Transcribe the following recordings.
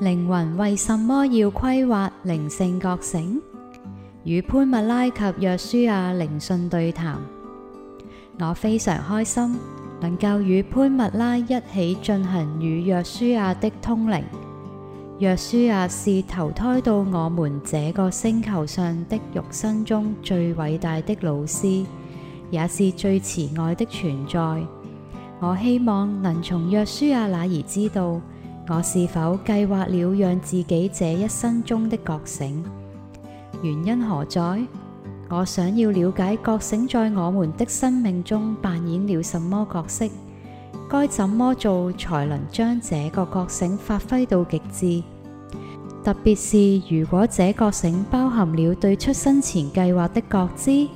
靈魂為什麼要規劃靈性覺醒？與潘蜜拉及約書亞靈訊對談，我非常開心能夠與潘蜜拉一起進行與約書亞的通靈。約書亞是投胎到我們這個星球上的肉身中最偉大的老師，也是最慈愛的存在。我希望能從約書亞那兒知道。我是否計劃了讓自己這一生中的覺醒？原因何在？我想要了解覺醒在我們的生命中扮演了什麼角色？該怎麼做才能將這個覺醒發揮到極致？特別是如果這覺醒包含了對出生前計劃的覺知，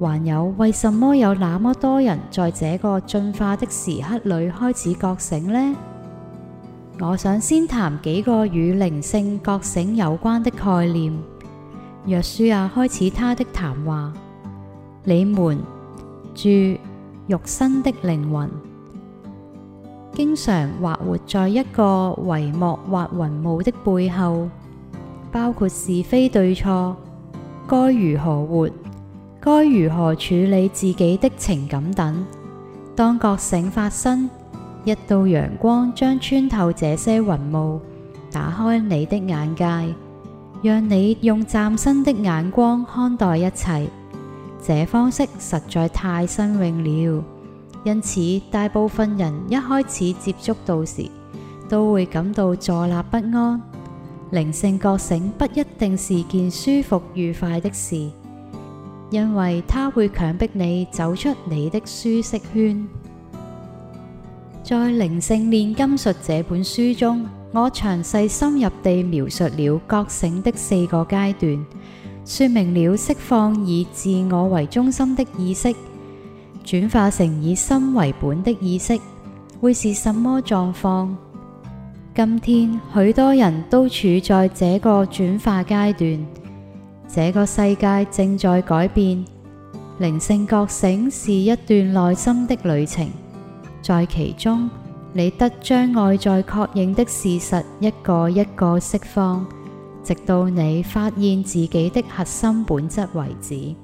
還有為什麼有那麼多人在這個進化的時刻裏開始覺醒呢？我想先談幾個與靈性覺醒有關的概念。約書亞開始他的談話，你們住肉身的靈魂，經常或活在一個帷幕或雲霧的背後，包括是非對錯，該如何活，該如何處理自己的情感等。當覺醒發生。一道陽光將穿透這些雲霧，打開你的眼界，讓你用嶄新的眼光看待一切。這方式實在太新穎了，因此大部分人一開始接觸到時，都會感到坐立不安。靈性覺醒不一定是件舒服愉快的事，因為它會強迫你走出你的舒適圈。在《靈性煉金術》這本書中，我詳細深入地描述了覺醒的四個階段，說明了釋放以自我為中心的意識，轉化成以心為本的意識會是什麼狀況。今天，許多人都處在這個轉化階段，這個世界正在改變。靈性覺醒是一段內心的旅程。在其中，你得將外在確認的事實一個一個釋放，直到你發現自己的核心本質為止。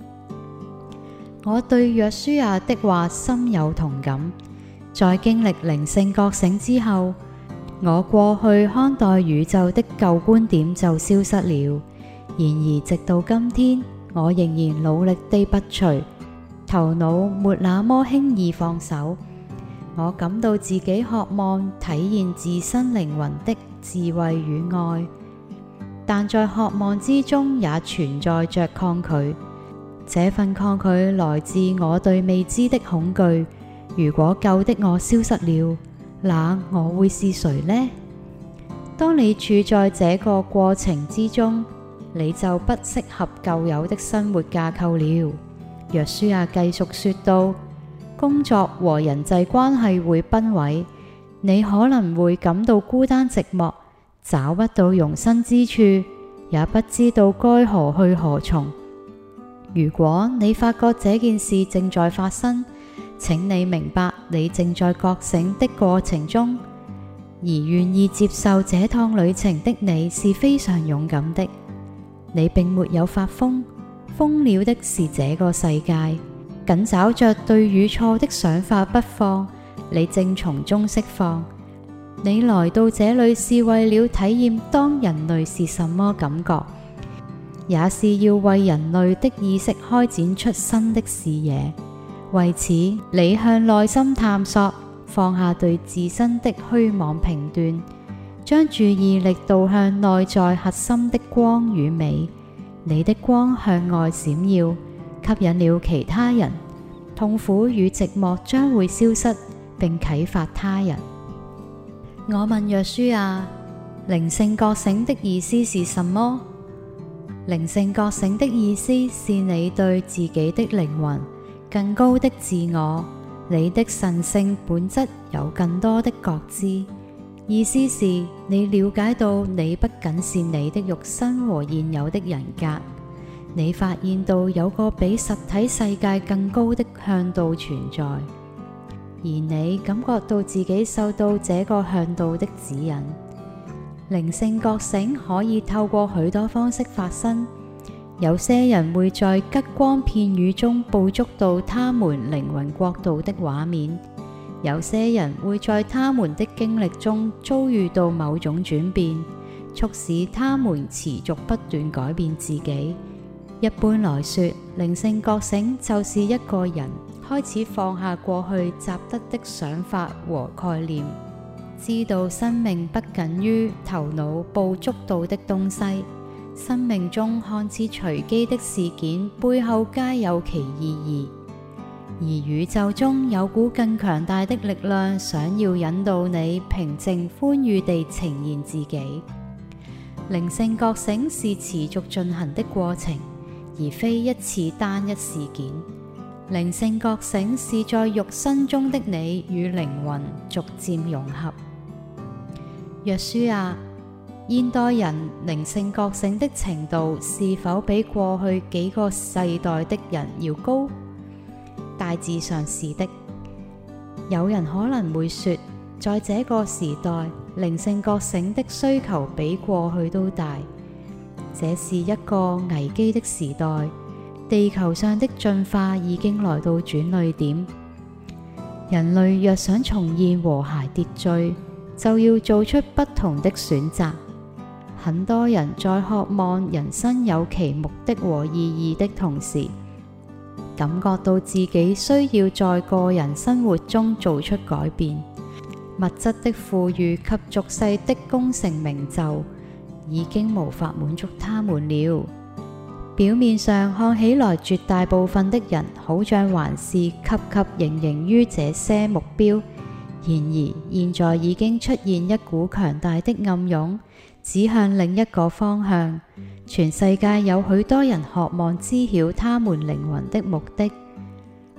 我對約書亞的話深有同感。在經歷靈性覺醒之後，我過去看待宇宙的舊觀點就消失了。然而，直到今天，我仍然努力地不隨頭腦，沒那麼輕易放手。我感到自己渴望體現自身靈魂的智慧與愛，但在渴望之中也存在着抗拒。這份抗拒來自我對未知的恐懼。如果舊的我消失了，那我會是誰呢？當你處在這個過程之中，你就不適合舊有的生活架構了。約書亞繼續說道。工作和人際關係會崩毀，你可能會感到孤單寂寞，找不到容身之處，也不知道該何去何從。如果你發覺這件事正在發生，請你明白你正在覺醒的過程中，而願意接受這趟旅程的你是非常勇敢的。你並沒有發瘋，瘋了的是這個世界。緊抓着對與錯的想法不放，你正從中釋放。你來到這裏是為了體驗當人類是什麼感覺，也是要為人類的意識開展出新的視野。為此，你向內心探索，放下對自身的虛妄評斷，將注意力導向內在核心的光與美。你的光向外閃耀。吸引了其他人，痛苦與寂寞將會消失，並啟發他人。我問約書亞啊：靈性覺醒的意思是什麼？靈性覺醒的意思是你對自己的靈魂、更高的自我、你的神性本質有更多的覺知。意思是，你了解到你不僅是你的肉身和現有的人格。你發現到有個比實體世界更高的向導存在，而你感覺到自己受到這個向導的指引。靈性覺醒可以透過許多方式發生，有些人會在吉光片語中捕捉到他們靈魂國度的畫面，有些人會在他們的經歷中遭遇到某種轉變，促使他們持續不斷改變自己。一般來說，靈性覺醒就是一個人開始放下過去習得的想法和概念，知道生命不僅於頭腦捕捉到的東西，生命中看似隨機的事件背後皆有其意義，而宇宙中有股更強大的力量想要引導你平靜歡愉地呈現自己。靈性覺醒是持續進行的過程。而非一次單一事件。靈性覺醒是在肉身中的你與靈魂逐漸融合。約書亞，啊，現代人靈性覺醒的程度是否比過去幾個世代的人要高？大致上是的。有人可能會說，在這個時代，靈性覺醒的需求比過去都大。這是一個危機的時代，地球上的進化已經來到轉捩點。人類若想重現和諧秩序，就要做出不同的選擇。很多人在渴望人生有其目的和意義的同時，感覺到自己需要在個人生活中做出改變。物質的富裕及俗世的功成名就，已經無法滿足他們了。表面上看起來，絕大部分的人好像還是汲汲營營於這些目標。然而，現在已經出現一股強大的暗湧，指向另一個方向。全世界有許多人渴望知曉他們靈魂的目的，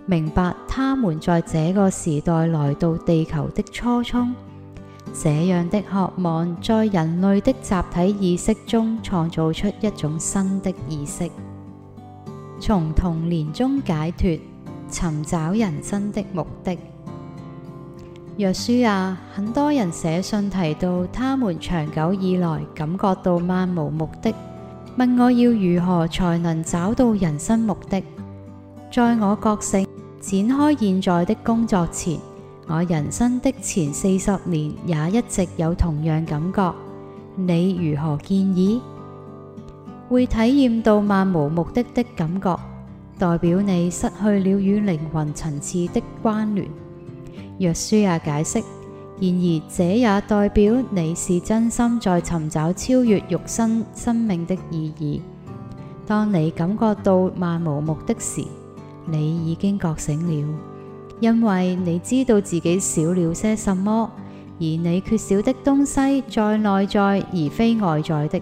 明白他們在這個時代來到地球的初衷。這樣的渴望，在人類的集體意識中創造出一種新的意識，從童年中解脱，尋找人生的目的。約書亞，啊，很多人寫信提到，他們長久以來感覺到漫無目的，問我要如何才能找到人生目的。在我覺醒、展開現在的工作前，我人生的前四十年也一直有同樣感覺，你如何建議？會體驗到漫無目的的感覺，代表你失去了與靈魂層次的關聯。約書亞解釋，然而這也代表你是真心在尋找超越肉身生命的意義。當你感覺到漫無目的時，你已經覺醒了。因為你知道自己少了些什麼，而你缺少的東西在內在而非外在的，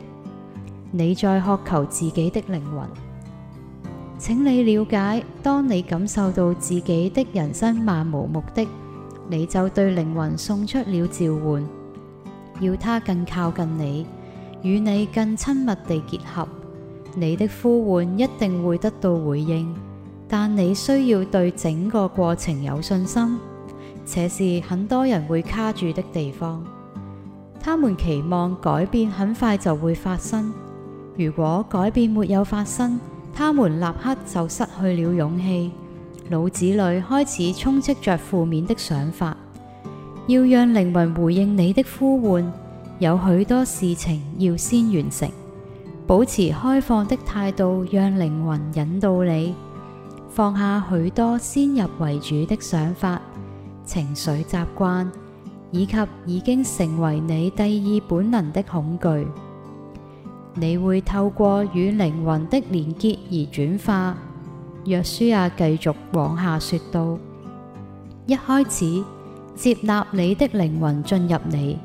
你在渴求自己的靈魂。請你了解，當你感受到自己的人生漫無目的，你就對靈魂送出了召喚，要他更靠近你，與你更親密地結合。你的呼喚一定會得到回應。但你需要對整個過程有信心，這是很多人會卡住的地方。他們期望改變很快就會發生，如果改變沒有發生，他們立刻就失去了勇氣，腦子裏開始充斥着負面的想法。要讓靈魂回應你的呼喚，有許多事情要先完成，保持開放的態度，讓靈魂引導你。放下許多先入為主的想法、情緒、習慣，以及已經成為你第二本能的恐懼，你會透過與靈魂的連結而轉化。約書亞繼續往下說道：一開始接納你的靈魂進入你，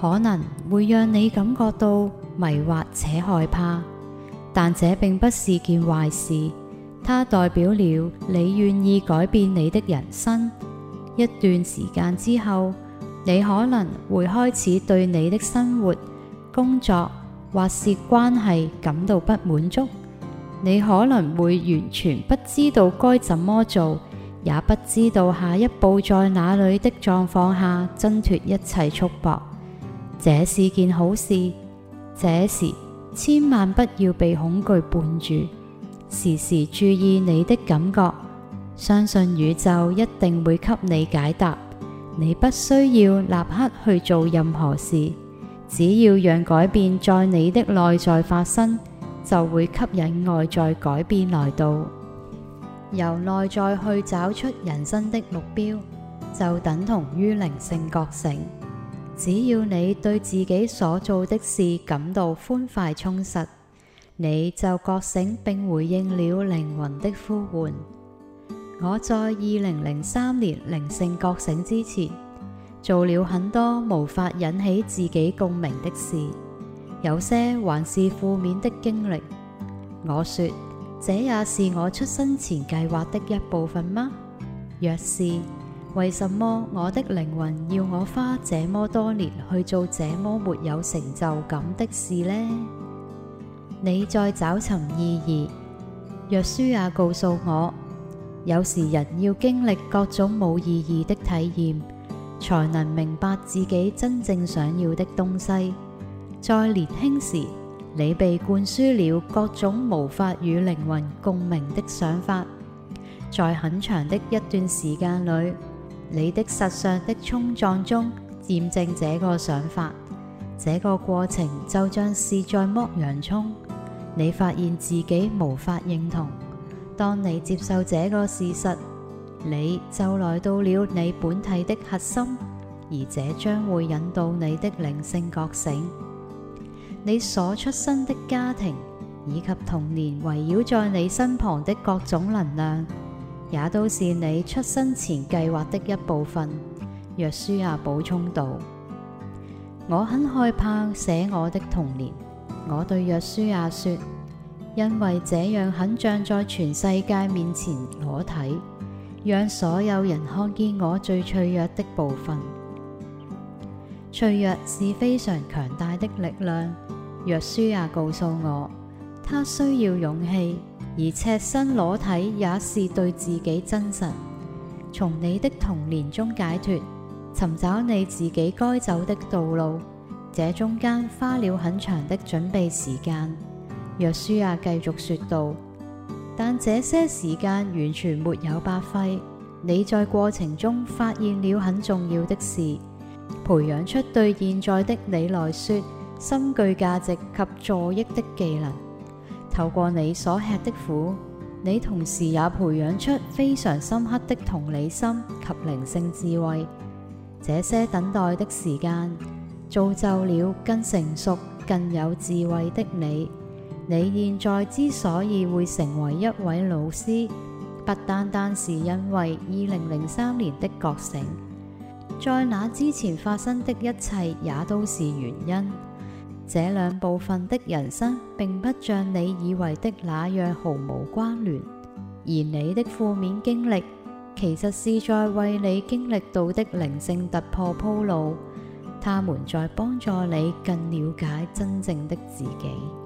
可能會讓你感覺到迷惑且害怕，但這並不是件壞事。它代表了你願意改變你的人生。一段時間之後，你可能會開始對你的生活、工作或是關係感到不滿足。你可能會完全不知道該怎麼做，也不知道下一步在哪裏的狀況下掙脫一切束縛。這是件好事，這時千萬不要被恐懼絆住。時時注意你的感覺，相信宇宙一定會給你解答。你不需要立刻去做任何事，只要讓改變在你的內在發生，就會吸引外在改變來到。由內在去找出人生的目標，就等同於靈性覺醒。只要你對自己所做的事感到寬快充實。你就覺醒並回應了靈魂的呼喚。我在二零零三年靈性覺醒之前，做了很多無法引起自己共鳴的事，有些還是負面的經歷。我說，這也是我出生前計劃的一部分嗎？若是，為什麼我的靈魂要我花這麼多年去做這麼沒有成就感的事呢？你再找尋意義，約書亞也告訴我，有時人要經歷各種冇意義的體驗，才能明白自己真正想要的東西。在年輕時，你被灌輸了各種無法與靈魂共鳴的想法，在很長的一段時間裏，你的實相的衝撞中驗證這個想法。這個過程就像是在剝洋蔥。你發現自己無法認同，當你接受這個事實，你就來到了你本體的核心，而這將會引導你的靈性覺醒。你所出生的家庭以及童年圍繞在你身旁的各種能量，也都是你出生前計劃的一部分。約書亞補充道：我很害怕寫我的童年。我對約書亞說，因為這樣很像在全世界面前裸體，讓所有人看見我最脆弱的部分。脆弱是非常強大的力量。約書亞告訴我，他需要勇氣，而赤身裸體也是對自己真實。從你的童年中解脫，尋找你自己該走的道路。這中間花了很長的準備時間，約書亞，繼續說道。但這些時間完全沒有白費，你在過程中發現了很重要的事，培養出對現在的你來說深具價值及助益的技能。透過你所吃的苦，你同時也培養出非常深刻的同理心及靈性智慧。這些等待的時間。造就了更成熟、更有智慧的你。你現在之所以會成為一位老師，不單單是因為二零零三年的覺醒，在那之前發生的一切也都是原因。這兩部分的人生並不像你以為的那樣毫無關聯，而你的負面經歷其實是在為你經歷到的靈性突破鋪路。他們在幫助你更了解真正的自己。